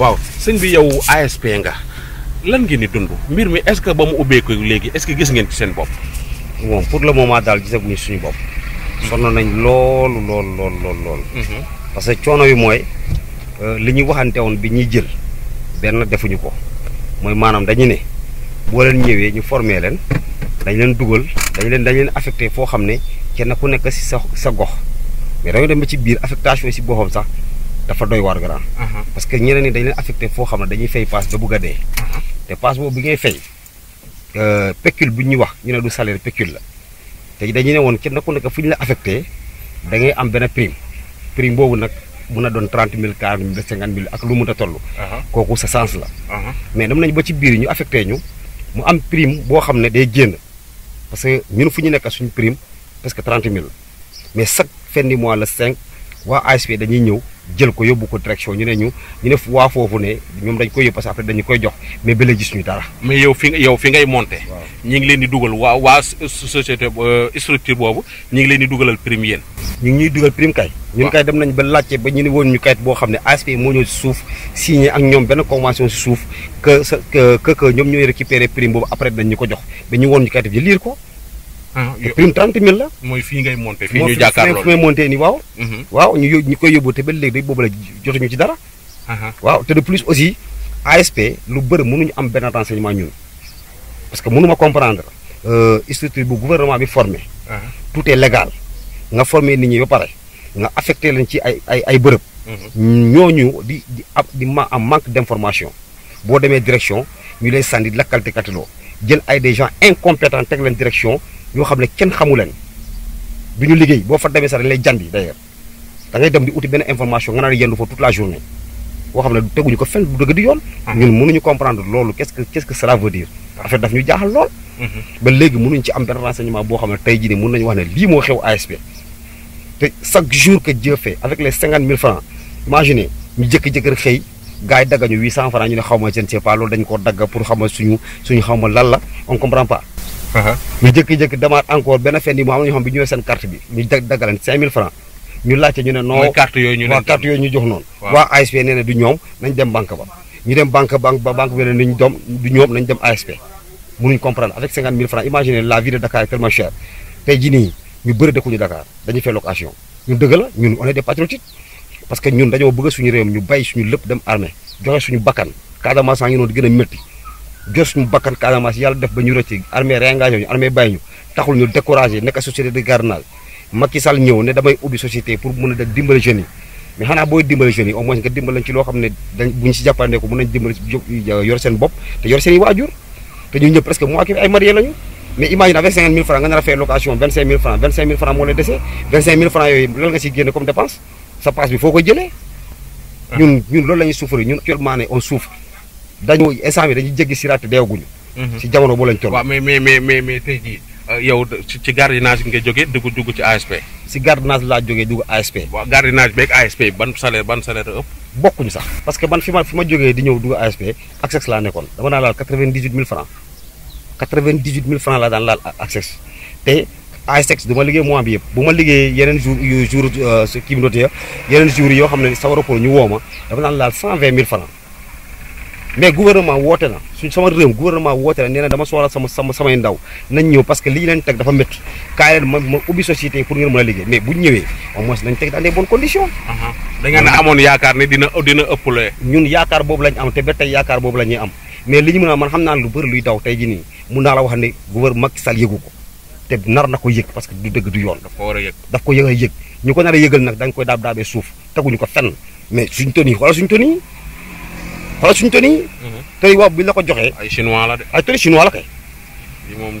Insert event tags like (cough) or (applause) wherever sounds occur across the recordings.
waaw sëñ bi yow ASP nga lan ngeen ni dund mbir mi est-ce que ba mu ubbee ko léegi est-ce que gis ngeen ci seen bopp. moom pour le moment daal gisaguñu suñu bopp. sonn nañ loolu lool lool lool lool. Mhm. parce que coono yi mooy euh, li ñuy waxante woon bi ñuy jël benn defuñu ko mooy maanaam dañu ne boo leen ñëwee ñu formé leen dañ leen dugal dañ leen dañ leen affecté foo xam ne kenn ku nekk si sa sa gox mais dañoo dem ba ci biir affectation si boppam sax. dafa doy waar grand. Uh-huh. parce que ñeneen ñi dañ leen affecté foo xam ne dañuy fay paas ba bugg dee. Uh-huh. te paas boobu bi ngay fay euh, pécule bu ñuy wax ñu ne du salaire pécule la te dañu ne woon kenn ku nekk fu ñu la affecté dangay am benn prime prime boobu nag mun a doon trente mille quarante mille cinquante mille ak lu mun a toll. Uh-huh. kooku sa sens la. mais dem nañ ba ci biir ñu affecté ñu mu am prime boo xam ne day génn parce que ñun fu ñu nekk suñu prime presque trente mille mais chaque fin mois le cinq. waa ASP dañuy ñëw jël ko yóbbu ko direction ñu ne ñu ñu ne fu waa foofu ne ñoom dañ koy yóbbu parce que après dañu koy jox mais ba léegi gisuñu dara. mais yow fi yow fi ngay monté. ñi ngi leen di dugal waa waa société euh, structure boobu ñi ngi leen di dugalal prime yéen. ñu ngi ñuy dugal prime kay. ñun kay dem nañ ba laajte ba ñu ne woon ñu kayit boo xam ne ASP moo ñëw si suuf signé ak ñoom benn convention si suuf que que que ñoom ñooy récupérer prime boobu après dañ ñu ko jox ba ñu woon ñu kayit bi liir ko. Ah, prime trente mille la. ngay monté mhm. ñu monté ñu ñu koy ba dara. de plus aussi ASP lu am parce que mënuma comprendre euh, structure gouvernement bi formé. tout est légal nga formé nit ñi ba pare nga affecté ci ay ay ay di mhm. di di am manque d'information. direction ñu lay la lakkal monté. Il jël ay des gens incompétents teg leen direction ñoo xam ne kenn xamu leen fa d'ailleurs da ngay dem di information nga naan yendu fa toute la journée ne ko ah. comprendre qu'est-ce que qu'est-ce que cela veut dire. fait daf lool. Mm-hmm. ba mënuñ ci am renseignement ne wax ASP. chaque jour que Dieu fait avec les cinquante francs imaginez francs ñu ne je ne sais pas ko pour suñu suñu on comprend pas. Uh-huh. ñu jékki-jékki demaat encore benn fenn yi mu am nañu xam bi ñëwee seen carte bi ñu daggalan cinq mille francs ñu laajte ñu ne non waaw carte yooyu ñu jox dem banque ba ñu dem banque banque ba banque bi ne nañ doom du ñoom nañ dem ASP mënuñ comprendre avec cinquante mille francs imaginez la vie de Dakar est tellement chère tey ñu bëri dëkkuñu Dakar dañu fee location ñun dëgg la ñun on est des parce que ñun dañoo bëgg suñu réew ñu bàyyi suñu lépp dem armée joxe suñu bakkan Casamance ngi noonu di gën a métti jot suñu bakkan Casamance yàlla def ba ñu rëcc armée réengagé ñu ñu taxul ñu découragé nekk société de garnage Macky ñëw ne damay ubbi société pour mën a dimbali jeunes yi mais xanaa booy dimbali jeunes yi au moins nga dimbali ci loo xam ne dañ buñ si jàppandeeku mën nañ dimbali euh, yor seen bopp te yor seen i waajur te ñun ñëpp presque mois ki ay marié lañu mais imagine a fay location 25 000 francs 25 000 francs moo lay dese 25 000 nga siy génne comme dépense sa passe dañu instant bi dañu jéggi siraat deewaguñu. Mhm. ci jamono bu lañ toll. waaw mais mais mais mais mais tey jii euh, yow ci gardiennage bi nga jógee dugg dugg ci ASP. si gardiennage laa jógee dugg ASP. waaw gardiennage beeg ASP ban salaire ban salaire bokkuñu sax parce que ban fi ma fi ma jógee di ñëw dugg ASP accès laa nekkoon dama daan laal quatre-vingt-dix-huit mille francs quatre-vingt-dix-huit mille francs laa daan laal accès te. ASX du ma liggéey mois bi yëpp bu ma liggéey yeneen jour jour euh, kii bi yeneen jour yoo xam ne sa war ñu woo ma dafa naan laal cent vingt mais gouvernement woote na suñ sama réew gouvernement woote na nee na dama soxla sama sama samay ndaw nañ ñëw parce que lii leen teg dafa métti kaay leen ma ma a liggéey mais bu ñëwee uh-huh. dina dina ëppale. ñun boobu lañ am te ba tey la ñuy am mais li ñu mën a naa lu bëri luy daw tey ji nii mun naa la wax ne gouvernement Macky yëgu ko te nar na ko yëg parce que du dëgg du yoon. daf ko war a yëg daf ko yëg a nar a yëgal nag dañ koy daab daabee suuf teguñu ko fenn mais suñ toni xoolal suñ toni xoolal suñu toni yi. Mhm. toni boobu bi ñu la ko joxee. ay chinois la de ay toni kay.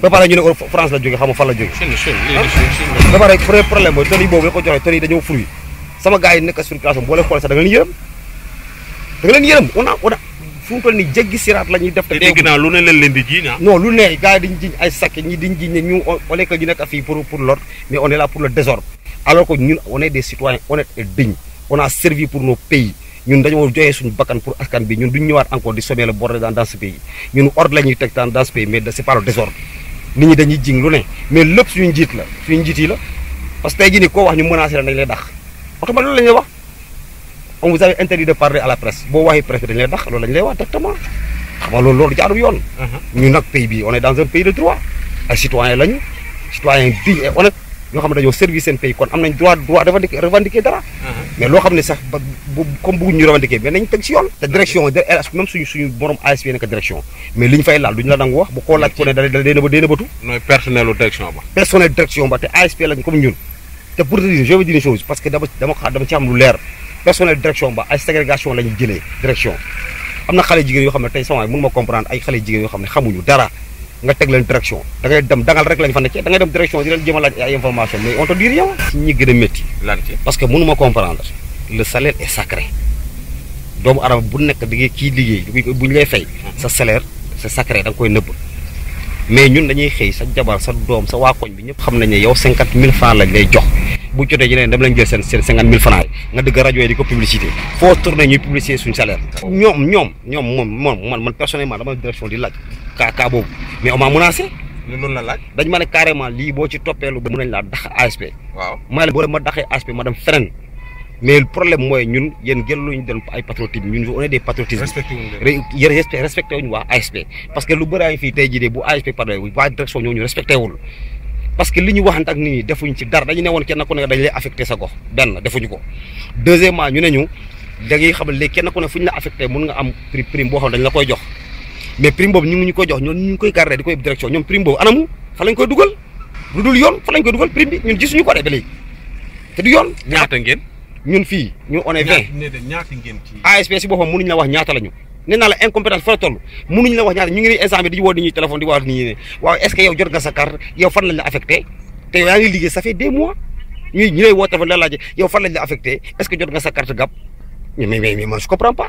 bi pare France la jógee xam nga fan la jógee. Chine Chine lii ah. ba problème toni boobu la ko joxee toni yi dañoo fruit sama gars yi nekk circulation boo leen xoolee sax da leen yërëm da nga leen yërëm on a on a fu mu toll nii jéggi siraat la ñuy def. te dégg naa lu ne leen leen di jiiñ ah. non lu ne gars yi dañu jiiñ ay sakk ñi dañu jiiñ ñu on est que ñu nekk fii pour pour l'ordre mais on est là pour le alors que ñun on est des citoyens honnêtes et dignes a servi pour nos pays ñun dañoo joyé suñu bakkan pour askan bi ñun duñ ñëwaat encore di sommer le bordel dans, dans ce pays ñun ordre lañuy tek dans, dans ce pays mais c'est pas le désordre nit ñi dañuy jing lu né mais lepp suñu njit la suñu njit yi la parce que tay jii ni koo wax ñu menacer la dañ lay dax autrement loolu lañ lay wax on vous avez interdit de parler à la presse bo waxee presse dañ lay dakh loolu lañ lay wax directement xam nga lolu loolu yoon uh-huh. ñu nak pays bi on est dans un pays de droit ay citoyen lañ citoyen digne et honnête ñoo xam dañoo servir sen pays kon am nañ droit droit revendiquer dara mais loo sax comme ñu mais yoon direction même suñu suñu borom direction mais liñ fay laal la wax bu ba personnel direction ba personnel direction ba té comme pour dire je veux dire une chose parce que dama dama dama ci lu leer personnel direction ba ay ségrégation direction Il y jigéen sama comprendre ay xamuñu dara nga teg leen direction da ngay dem dangal rek lañ fa nekkee da ngay dem direction di leen jéem ay information mais on te si ñi gën a métti lan ci que mënu ma comprendre le salaire est sacré bu nekk di ngay kii liggéey bu ñu lay fay sa salaire c'est nga koy nëbb mais ñun dañuy xëy sa jabar sa doom sa waa koñ bi ñëpp xam nañ ne yow cinquante mille francs lañ lay jox bu jotee ñeneen dem lañ jël seen seen cinquante mille francs yi nga dëgg rajo di ko publicité foo tourné ñuy publicité suñu salaire ñoom ñoom ñoom moom moom man man dama direction di laaj kaka boobu mais on m'a menacé ni non la laj dañ ma ne carrément li bo ci topé lu mën la laa dax ASP waaw ma ne boo ma daxee ASP ma dem feneen mais le problème moy ñun yeen yéen gëluñu dem ay patriotisme ñun on est des patriotisme respecté respecté ñu wa ASP parce que lu bëri fi tay jii de bu ASP pare wa direction ñoo ñu respecté wul parce que li ñu waxante ak nit ñi defuñ ci dar dañu néwon kenn ku ne dañ lay affecter sa gox ben defuñ ko deuxièmement ñu ne ñu da ngay xam ne kenn ku ne fuñ la affecter mun nga am prix prime bo xam dañ la koy jox mais prime bobu ñu ngi ko jox ñoon ñu koy garder di koy direction ñom prime bobu anamu fa lañ koy duggal dudul yoon fa lañ koy duggal prime bi ñun gisunu ko dé ba légui té du yoon ñaata ngeen ñun fi ñu on est 20 ñaata ngeen ci ASP ci bopam mënuñ la wax ñaata lañu na la incompétence fa toll mënuñ la wax ñaata ñu ngi ni instant bi di wo di ñuy téléphone di wax ni né waaw est ce que yow jot nga sa carte yow fan lañ la affecté té yow ngi liggé ça fait des mois ñi ñi lay wo téléphone la laaj yow fan lañ la affecté est ce que jot nga sa carte gap mais mais mais moi je comprends pas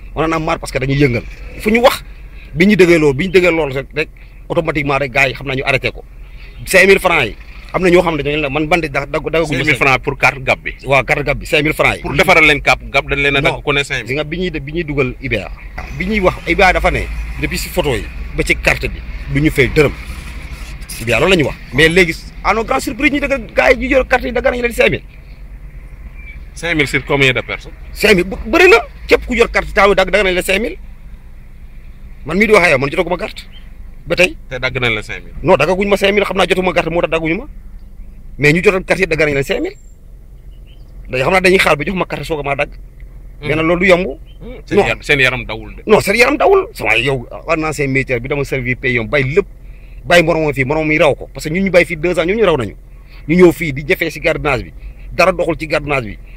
on a marre parce que dañuy yëngal fu ñu wax bi ñu déggee loolu bi ñu déggee loolu rek automatiquement rek gars yi xam nañu arrêté ko 5000 francs yi am na ñoo xam ne man bandi da dagaguñ 5000 francs pour carte gab bi waaw carte gab bi 5000 francs yi pour defaral leen cap gab dañ a dagg ku ne 5000 si nga bi ñuy bi ñuy bi ñuy wax IBA dafa ne depuis photo yi ba ci carte du ñu fay dërëm IBA loolu la ñu wax mais léegi à nos grandes surprises 5000 sur combien de personnes. 5000 bu bëri ku yor carte temps bi dagg dagg nañ la 5000 man mii di wax ak yow man jotaguma carte ba tey. te dagg nañ la no non daggaguñ ma 5000 xam naa jotuma carte moo tax dagguñu ma mais ñu jotoon carte yi dagg nañ la 5000 dañu xam naa dañuy xaar ba jox ma carte soog maa dagg. Hmm. mais nag loolu du yomb. Hmm. non seen yaram dawul de. non seen yaram dawul sama yow en ancien militaire bi dama servi pays bay bàyyi lépp bàyyi moromam fii moromam raw ko parce que ñu ñu bàyyi fii deux ans ñun ñu raw nañu ñu ñëw fii di jafee si gardiennage bi dara doxul ci gardiennage bi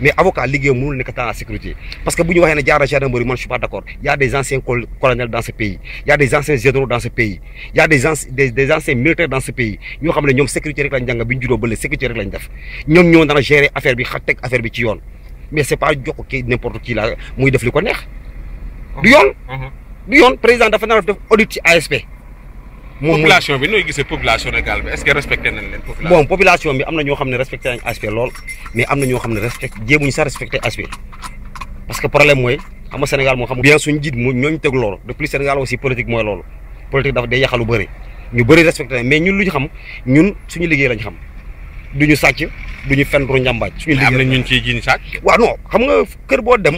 mais avocat ligue mënul nekk sécurité parce que si ñu waxee des jaara gendarmerie man je suis pas d'accord il y a des anciens colonels dans ce pays il y a des anciens généraux dans ce pays il y a des des anciens militaires dans ce pays nous xam des sécurité rek lañ jàng bi ñu juddoo sécurité rek lañ def ñoo gérer affaire bi affaire bi ci yoon mais c'est pas jox ko qui la muy def liko neex. du yoon. Mm-hmm. du yoon président dafa na fnaf def audit ci ASP. population bi nooy gisee population Sénégal bi est-ce que respecté nañ leen. population bon population bi am na ñoo xam ne respecté nañ aspect lool mais am na ñoo xam ne respecté jéemuñ sax respecté aspect parce que problème mooy xam nga Sénégal moo xam. bien suñu jiit mu ñooñu teg loolu de plus Sénégal aussi politique mooy loolu politique dafa day yàqalu bëri ñu bëri respecté mais ñun lu ñu xam ñun suñu liggéey lañ xam duñu sàcc duñu fen ru njàmbaaj. suñu liggéey am na ñun ciy jiñ sàcc. waaw non xam nga kër boo dem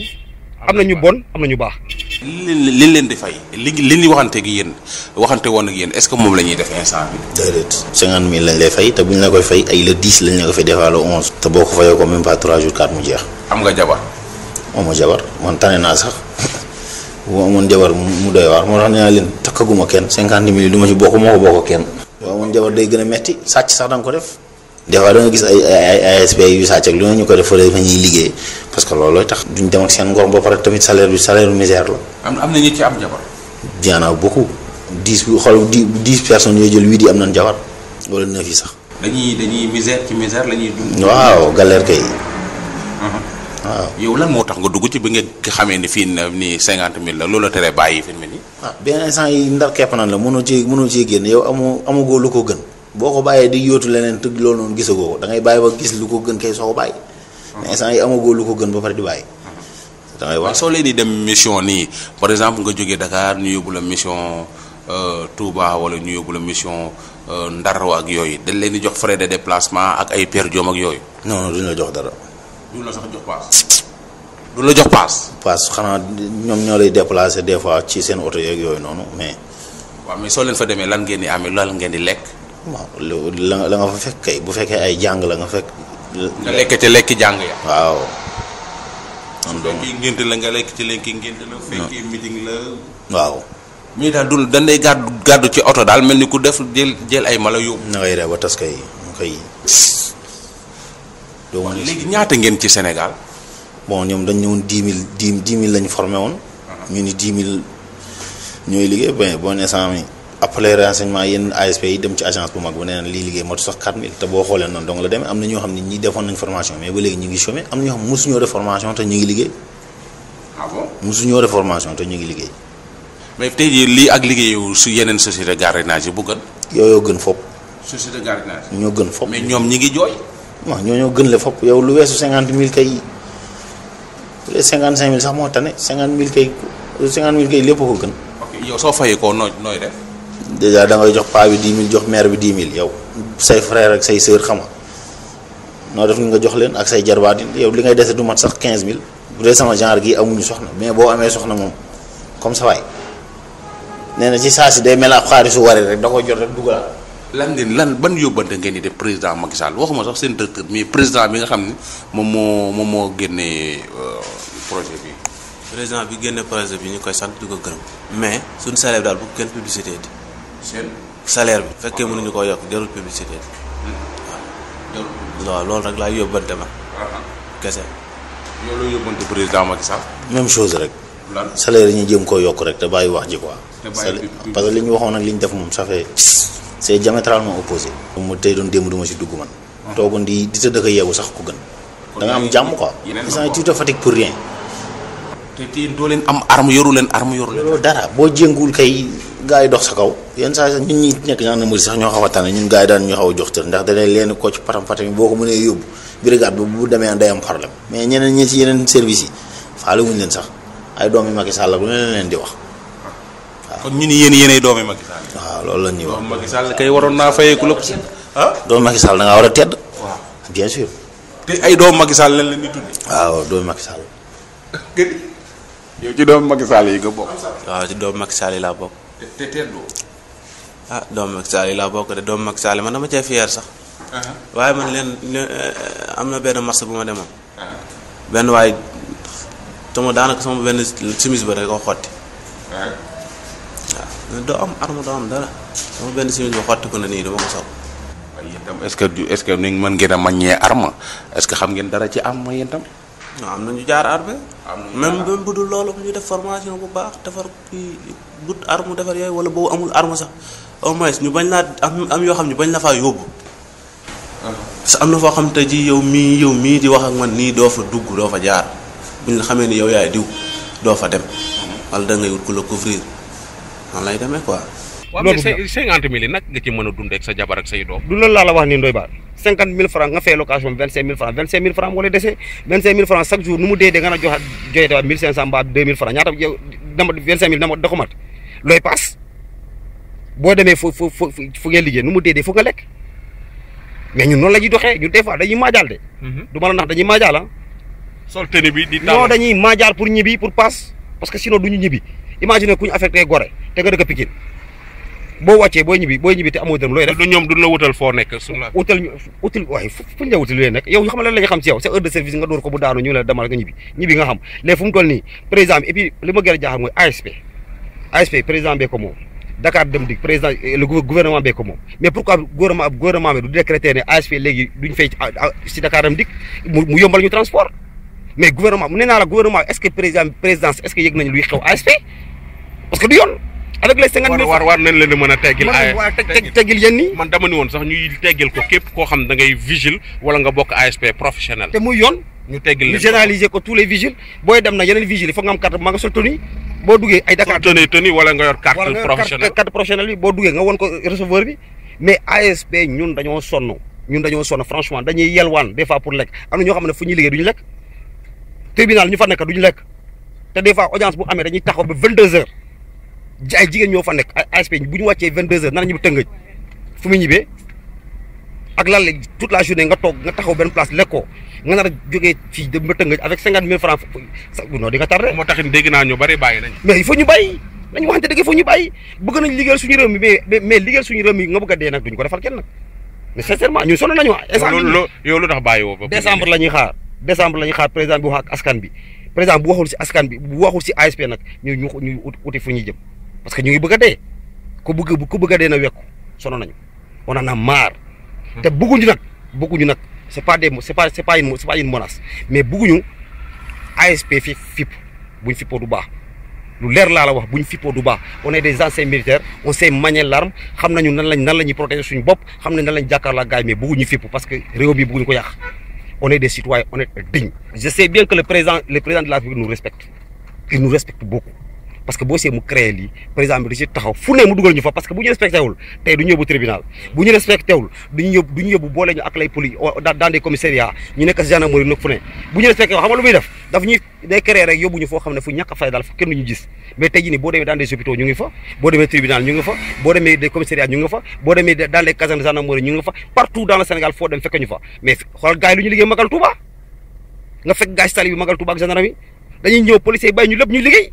am na ñu bon am na ñu baax. li leen leen di fay li li ñu waxante gi yéen waxante woon ak yéen est-ce que moom la ñuy def instant bi. déedéet cinquante mille fay te bu ñu la ay le dix la ko onze. te boo ko fayoo ko même pas trois jours quatre mu jeex. am nga jabar. moom ma jabar man tane naa sax bu ma amoon jabar mu doy waar moo tax nee naa leen takkaguma kenn cinquante mille du ma ci bokk moo ko bokk kenn. waaw man jabar day gën a metti sàcc sax danga ko def. des fois gis ay ay ASP yu sàcc ak ñu ko def fële fa ñuy liggéey parce que looloo tax duñ dem ak seen ngor ba pare tamit salaire bi salaire misère la. am am na ñi ci am jabar. jaanaaw beaucoup dix xool dix dix personnes yoo jël huit am nañ jabar wala neuf yi sax. dañuy dañuy misère ci misère la ñuy dund. waaw galère kay. Mhm. waaw yow lan moo tax nga dugg ci bi nga xamee ni fii ni cinquante mille la loolu la teree bàyyi fi mu ne nii. ah benn instant yi ndar kepp nan la mënoo ci mënoo cee génn yow amoo amagoo lu ko gën. boo ko bàyyee di yóotu leneen tëgg loolu noonu gisagoo ko da ngay bàyyi ba gis lu ko gën kay soo ko bàyyi. Hmm. mais instant yi amagoo lu ko gën ba pare di bàyyi. Hmm. da ngay wax soo leen di dem mission nii par exemple nga jógee Dakar ñu yóbbu la mission euh, Touba wala ñu yóbbu mission euh, Ndar ak yooyu dañ leen di jox frais de déplacement ak ay per ak yooyu. non non jox dara. duñ la sax jox la jox paas. paas xanaa ñoom ñoo lay déplacer des fois ci seen oto yeeg yooyu noonu mais. waaw mais soo leen fa demee lan ngeen di amee lan ngeen di lekk. waaw la la nga fa fekk kay bu fekkee ay jàng la nga fekk. nga lekk ca lekki jàng ya. waaw. am lekk ci lekki ngénte la. fekkee meeting la. du dañ lay gàddu gàddu ci oto daal mel ni ku def jël jël ay mala yóbbu. na ngay def ba tas kay kay. ñaata ngeen ci senegal bon ñoom dañ ñëwoon dix mille dix dix mille lañ formé woon. Uh-huh. ñu ni dix mil ñooy liggéey ba boo nee après renseignement yenn ASP yi dem ci agence bu mag bu nee na lii liggéey matu sax 4000 te boo xoolee noonu donc la demee am na ñoo xam ne ñi defoon nañ mais ba léegi ñu ngi chômé am na ñoo xam ne mosuñoo def formation te ñu ngi liggéey. ah bon mosuñoo def te ñu ngi liggéey. mais tey jii lii ak liggéeyu su yeneen société gardiennage yi bu gën. yooyu gën fopp. société gardiennage. ñoo gën fopp mais ñoom ñi ngi jooy. waaw ñoo ñoo gën le fopp yow lu weesu 50000 mille les 55000 sax moo tane 50000 kay 50000 kay lépp gën. ok yow soo fayee ko nooy dèjà da ngay jox paa bi 10 000 jox mère bi 10 000 yow say frère ak say sœur xam nga noo def nga jox leen ak say jarbaat yi yow li ngay dese du mat sax quinze 000 bu dee sama genre gi amuñu soxna mais boo amee soxna moom comme ça waay nee na ci saa day mel ak su waree rek da koy jot rek dugal. lan ngeen lan ban yóbbante ngeen di def président Macky Sall waxuma sax seen directeur mais président bi nga xam moom moo moom moo génnee euh, projet bi. président bi génne projet bi ñu koy sant di ko gërëm mais suñu salaire daal bu kenn publicité di seen salaire bi fekkee mun mënuñu koo yokk jarul publicité waaw waaw loolu rek laay yóbbante ma kese yow loo président Macky Sall même chose rek salaire yi ñu jëm koo yokk rek te bàyyi wax ji quoi parce que li ñu waxoon ak li ñu def moom sa fait (sniffs) c'est diamétralement opposé mu tey doon démb duma si dugg man ah. toogoon di di sa dëkk yeewu sax ku gën da am jàmm quoi ils sont tout pour rien te tiin doo leen am arme yoru leen arme yoru leen. dara boo jénguwul kay gaa yi dox sa kaw yenn saa sax ñun ñi nekk ñaan na mu sax ñoo xaw a tànn ñun gaa yi daan ñu xaw a jox tër ndax danañ leen ko ci param patam boo ko mënee yóbbu brigade bi bu demee day am problème mais ñeneen ñi ci yeneen service yi faale wuñ ay doomi Macky leen leen di wax. la ñuy wax. doomu Macky Sall ah? a bien sûr. te ay doomu Macky Sall leen di tuddee. waaw doomu Macky (laughs) yow ci doomu Macky Sall yi nga bokk. laa bokk. te teeloo. ah doomu Macky Sall yi laa bokk de doomu Macky Sall man dama cee fier sax. Uh-huh. waaye man leen eh, am na benn marché bu ma demoon. Uh-huh. benn waay sama daanaka sama benn simis ba rek ko xotti. Uh-huh. doo am arme doo am dara sama benn simis ba xotti ko na nii dama ko sol. waaye yéen tam ni mën ngeen a maññee arme que xam ngeen dara ci arme yéen non am na ñu jaar arme. même même bu dul loolu ñu def formation bu baax defar kii bu arme defar yooyu wala boobu amul arme sax au moins ñu bañ laa am am yoo xam ne bañ la faa yóbbu. Ah. parce am na foo xam te ji yow mii yow mii di wax ak man nii doo fa dugg doo fa jaar buñ la xamee ni yow yaay diw doo fa dem. Mm-hmm. wala da ngay wut ku la couvrir noonu lay demee quoi. waaw mais c'est cinquante mille yi nag nga ci mën a dund ak sa jabar ak say doom du loolu laa location vingt cinq mille francs vingt cinq mille francs moo lay dese vingt cinq mille francs chaque jour nu mu dee dee nga na joxaat joyetewaat mille cinq cent mbaa deux mille francs ñaata yow dama vingt cinq mille dama da ko mat looy paas boo demee fu fu fu fu ngeen liggéey nu mu dee dee foog nga lekk mais ñun noonu la ñuy doxee ñun des fois dañuy maajaal de mhm. du ma la ndax dañuy maajaal ah imagine ku affecté Gorée te nga dëkk Pikine boo wàccee boo ñibbi boo ñibbi te amoo dërëm looy def. ñom duñ la wutal fo nek su la. wutal ñu wutal waaye fu fu ñu la wutal looy yow xam la la ñu xam ci yow c'est heure de service nga door ko bu daanu ñu la demal nga ñibi ñibi nga xam lé fu mu toll ni président bi et puis li ma gën a moy ASP ASP président bee ko moom Dakar Dem dik président le gouvernement bee ko moom mais pourquoi gouvernement gouvernement bi du décréter né ASP légui duñ fay ci Dakar Dem Dikk mu yombal ñu transport mais gouvernement mu nee la gouvernement est-ce que président présidence est-ce que yegg nañ luy xew ASP parce que du yoon avec les 50 000 war war nañ leen mëna téggil ay téggil yeen ni man dama ni won sax ñuy téggil ko képp ko xam da ngay vigile wala nga bok ASP professionnel té muy yoon ñu téggil leen généraliser ko tous les vigiles boy dem na yeneen vigile fa nga am carte ma nga sol tenue bo duggé ay Dakar tenue tenue wala nga yor carte professionnel carte professionnel bi bo duggé nga won ko receveur bi mais ASP ñun dañoo sonn ñun dañoo sonn franchement dañuy yelwaan des fois pour lek am ñoo xam ne fu ñuy liggéey duñu lek tribunal ñu fa nekk duñu lek té des fois audience bu amé dañuy taxaw ba 22 heures ay jigéen ñoo fa nekk ay ASP bu ñu wàccee vingt deux heures nan la ñibbi tëngëj fu mu ñibbee ak lan toute la journée nga toog nga taxaw benn place lekkoo nga nar a jógee fii dem ba tëngëj avec cinquante mille francs sa non di nga tardé. moo taxit dégg naa ñu bari bàyyi nañ. mais il faut ñu bàyyi nañ waxante dëgg il ñu bàyyi bëgg nañ liggéeyal suñu réew mi mais mais liggéeyal suñu réew mi nga bëgg a dee nag duñ ko defal kenn nag mais sincèrement ñun sonn nañu. loolu yow lu tax bàyyi woo ba décembre la ñuy xaar décembre la ñuy askan bi bu waxul si askan bi bu waxul si ASP parce que ñu ngi bëgg a dee ku bëgg ku bëgg a dee na wekku sono nañu on en a marre. Hmm. te bëgguñu nag bëgguñu nag c'est pas des c'est pas c'est pas une c'est pas une menace mais bëgguñu ASP fi fipp buñ fippoo du baax lu leer laa la wax buñ fippoo du baax on est des anciens militaires on sait manier l'arme xam nañu nan lañ nan la ñuy protéger suñu bopp xam nañ nan lañ jàkkaarloo la gaay mais bëgguñu fipp parce que réew bi bëgguñu ko yàq on est des citoyens on est dignes je sais bien que le président le président de la République nous respecte il nous respecte beaucoup parce que boo see mu créé lii président bi du tey du ñu yóbbu tribunal bu ñu respecté du ñu yóbbu du ñu yóbbu lay poli dans des nga lu muy def daf ñuy day créé rek yóbbu ñu foo mais tey ñu ñëw policiers yi ñu lépp ñu liggéey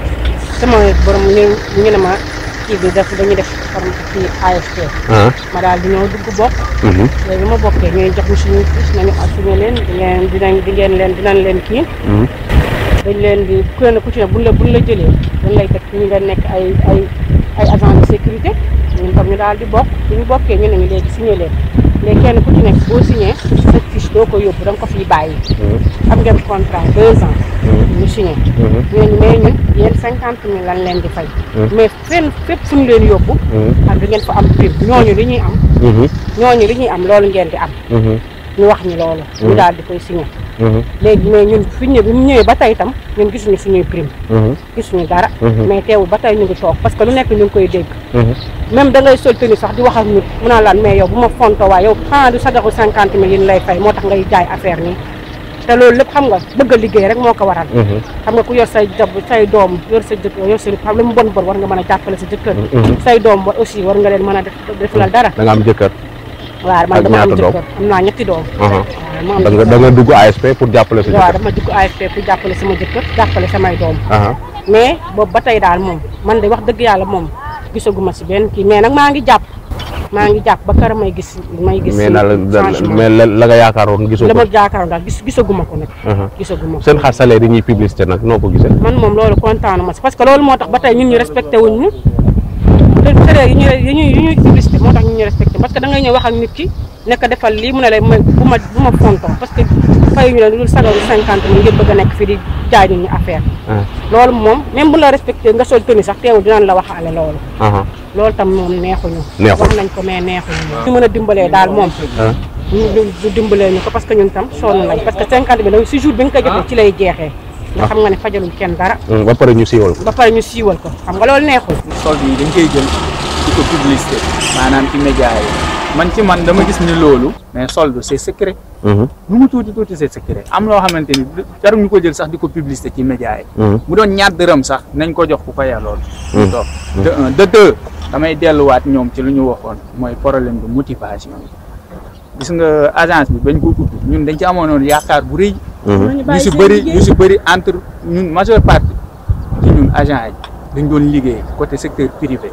sama borom ñu ñu ne ma kii bi daf dañuy def forme kii AFP. Ah. ma daal di ñëw dugg bokk. Mhm. léegi ma bokkee ñooy jox ñu suñuy fiche nañu assumer leen di ngeen dinañ di leen leen dinañ leen kii. Mhm. dañ leen di ku ne ku ci ne buñ la buñ la jëlee dañ lay teg ñu nga nekk ay ay ay de sécurité ñun tam ñu daal di bokk bu ñu bokkee ñu ne ñu léegi signé leen mais ku ci nekk boo signé. doo ko yóbbu da nga ko fiy bàyyi. Mm-hmm. am ngeen contrat deux ans. Mm-hmm. Mm-hmm. ñu signé. ñooñu mais ñun yéen cinquante mille lañ leen di fay. mais fenn fépp fu ñu leen yóbbu. ak ah, du ngeen fa am prime ñooñu li ñuy am. ñooñu li ñuy am loolu ngeen di am. ñu wax ñi loolu. ñu daal di koy signé. Mm-hmm. léegi mais ñun fi ñu ñu ñëwee ba tey itam ñun gisuñu suñuy prime mm-hmm. gisuñu dara mm-hmm. mais teewul ba tey ñu ngi toog parce que lu nekk ñu ngi koy dégg même da ngay solteni sax di wax ak nit mu naan laan mais yow bu ma fonto waa yow xanaa du sadaxu cinquante mille yi lay fay moo tax ngay jaay affaire nii te loolu lépp xam nga bëgg a liggéey rek moo ko waral xam nga ku yor say jab say doom yor sa jëkkër yor sa war nga mën a jàppale sa jëkkër say doom aussi war nga leen mën a def defal dara da nga am waaw man dama am jëkkër am naa ñetti doom da nga dugg ASP pour jàppale sa jëkkër waaw dama dugg ASP pour jàppale samay doom mais boobu ba tey daal moom man de wax dëgg yàlla moom gisaguma si benn kii mais nag maa ngi jàpp maa ngi jàpp ba kër may gis may gis mais na mais la nga yaakaaroon gisoo ko la ma yaakaaroon daal gis gisaguma ko nag gisaguma ko seen xaar salaire yi ñuy publicité nag noo ko gisee man moom loolu kontaanuma si parce que loolu moo tax ba tey ñun ñu respecté wuñ ñu tëree yu ñuy ñuy yu moo tax ñu ñu respecté parce que da ngay ñëw wax ak nit ki nekk defal lii mu ne la bu ma bu ma fontoo parce que fayu ñu la dul sagaru cinquante mille ngir bëgg a nekk fii di jaay ñu affaire ah. loolu moom même bu la respecté nga sol tenue sax teewul dinañ la waxaale loolu ah. loolu tam moom neexuñu wax nañ ko mais neexuñu ñu ah. mën a dimbalee daal moom ñu dimbalee ñu ko parce que ñun tam sonn nañ parce que cinquante bi nga ko jotee nga xam nga ne fajaluñ kenn dara. Mm, ba pare ñu siiwal ko. ba pare ñu siiwal ko xam nga loolu neexul. solde yi dañ koy jël di ko publicité maanaam ci média man ci man dama gis ni loolu. mais solde c'est secret. Mm-hmm. nu mu tuuti tuuti c'est secret am loo xamante ni jarul ñu ko jël sax di ko publicité ci média mu mm-hmm. doon ñaar dërëm sax nañ ko jox ku ko yalool mm-hmm. donc de un de damay delluwaat ñoom ci lu ñu waxoon mooy problème de motivation. gis nga agence bi bañ ko ubbi ñun dañ ci amoon yaakaar bu rëy. Mhm. ñu si bëri ñu bëri entre ñun majeure partie ci ñun agent yi dañ doon liggéey côté secteur privé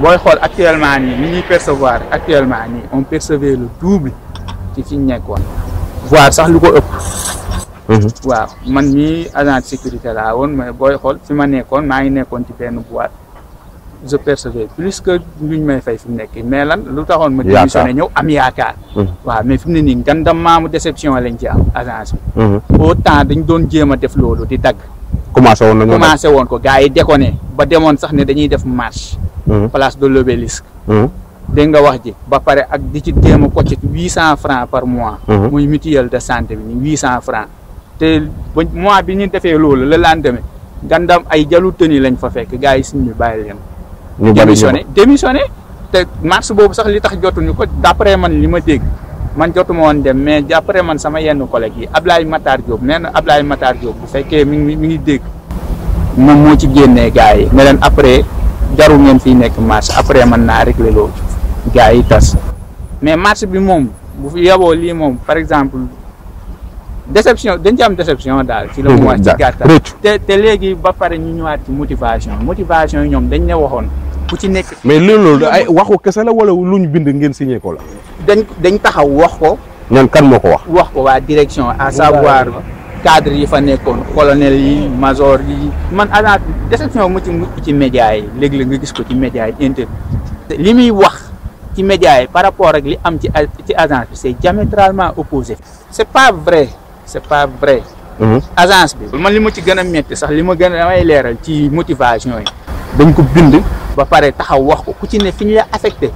booy xool actuellement nii ni ñuy percevoir actuellement nii on percevait le double ci fi ñu nekkoon voire sax lu ko ëpp. Mhm. waaw man mii agent de sécurité laa woon ma booy xool fi ma nekkoon maa ngi nekkoon ci benn boîte. je percevais plus que luñ may fay fi mu nekk mais lan lu taxoon ma démissionné ñëw am yaakaar mm-hmm. waaw mais fi mu ne nii ngan dam maamu déception lañ ci am agence bi mm-hmm. autant dañ doon jéem a def loolu di dagg commencé woon nañu commencé woon ko gars yi déconné ba demoon sax ne dañuy def marche mm-hmm. place de l'obélisque de nga wax ji ba pare ak di ci jéem a kocc huit cent francs par mois muy mutuelle de santé bi ni huit cent francs te ba mois bi ñu defee loolu le lendemain ngandam ay jalu tëni lañ fa fekk gars yi suñu bàyyi leen ñu démissionné démissionné te mars boobu sax li tax jotuñu ko d' après man li ma dégg man jotuma woon dem mais d' après man sama yenn collègue yi Ablaye Matar Diop nee na Ablaye Matar Diop bu fekkee mi ngi mi ngi dégg moom moo ci génnee gars yi ne leen après jarul ngeen fi nekk mars après man naa réglé loolu gars yi tas mais mars bi moom bu fi yeboo lii moom par exemple déception dañ ci am déception daal ci la mu wax ci gàttal te te léegi ba pare ñu ñëwaat ci motivation motivation yi ñoom dañ waxoon bu ci nekk. mais loolu ay waxu kese la wala ñu bind ngeen signé ko la. dañ dañ taxaw wax ko. ñaan kan moo ko wax. wax ko waa direction à savoir cadre yi fa nekkoon colonel yi major yi man ana déception mu ci mucc ci média yi léeg nga gis ko ci média yi inter li muy wax ci média yi par rapport ak li am ci ci agence bi c'est diamétralement opposé. c'est pas vrai c'est pas vrai. Mhm. agence bi man li ma ci gën a métti sax li ma gën a damay leeral ci motivation yi. dañ ko bind ba pare taxaw wax ko ku ci ne fi ñu la affecté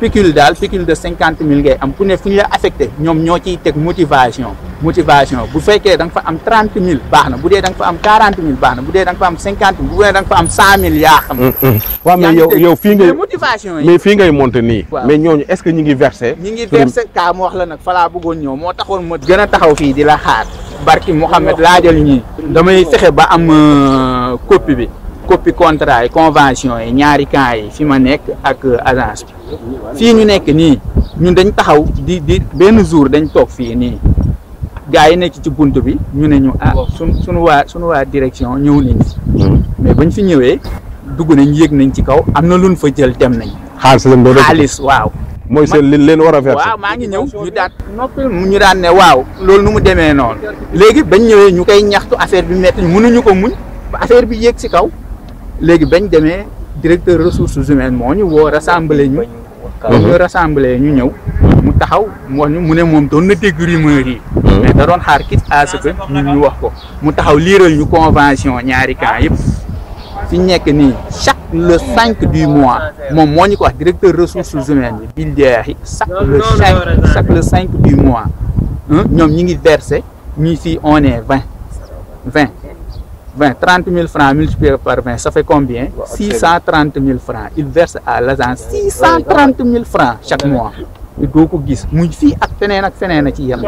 pécule daal pécule de cinquante mille ngay am ku ne fu ñu la affecté ñoom ñoo ciy teg motivation motivation bu fekkee da nga fa am trente mille baax na bu dee da fa am quarante mille baax na bu dee da nga fa am cinquante mille bu dee da nga fa am cent mille mm, mm. mais yow fii ngay motivation yi mais fii ngay monté nii. mais ñooñu est ce que ñi ngi versé. ñi ngi versé kaa ma wax la nag falaa bëggoon ñëw moo taxoon ma gën a taxaw fii di la xaar. barki Mouhamed laajal ñii. damay fexe ba am euh, copie bi. copie contrat yi convention yi ñaari camp yi fi ma nekk ak euh, agence bi fii ñu nekk nii ñun dañ taxaw di di benn jour dañ toog fii nii gars yi nekk ci bunt bi ñu ne ñu ah suñ suñu waa suñu waa direction ñëw nañ fi mais bañ fi ñëwee dugg nañ yéeg nañ ci kaw am na lu luñ fa jël dem nañ xaalis waaw mooy seen li leen war a verser maa ngi ñëw ñu daan noppil ñu daan ne waaw loolu nu mu demee noonu léegi bañ ñëwee ñu koy ñaxtu affaire bi metti mënuñu ko muñ ba affaire bi yéeg ci kaw léegi bañ demee directeur ressources humaines moo ñu woo rassemblé ñu. Mhm. ba ñu ñëw. mu taxaw mu wax mu ne moom doon na dégg rumeur yi. Mhm. mais da doon xaar kit à ce que ñu wax ko mu taxaw liiral ñu convention ñaari camp yëpp. fi nekk nii chaque le cinq du mois moom moo ñu ko wax directeur ressources humaines yi bil jeexi chaque le cinq chaque le cinq du mois hmm? ñoom ñi ngi versé ñu si on est vingt vingt 20, 30 000 francs multipliés par 20, ça fait combien 630 000 francs. Il verse à l'azan 630 000 francs chaque mois. Ils ko gis Mon fils a fait ak feneen a ci yem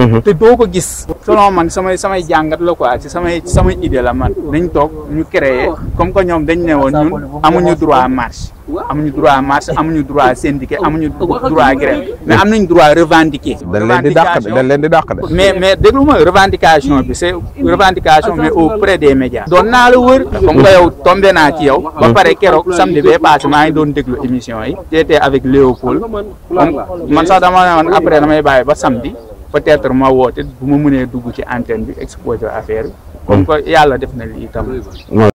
mhm. te doo ko gis selon man c'est samay jàngat un quoi ci samay samay idée la man nous toog nous créer ah, comme nous, on donne nous, woon à amuñu droit marche amuñu droit marche amuñu droit syndiqué amuñu droit grève mais am nañ droit revendiquer. dañ leen di dàq de dañ leen di dàq de. mais mais déglu revendication bi c'est revendication mais auprès des médias. doon naa la wër. comme que yow tombé naa ci yow. ba pare keroog samedi bee passé maa ngi doon déglu émission yi. j'étais avec Léopold man sax dama ne woon après damay bàyyi ba samedi. peut-être ma woote bu ma munee dugg ci antenne bi exposé affaire bi. comme mm. que yàlla def na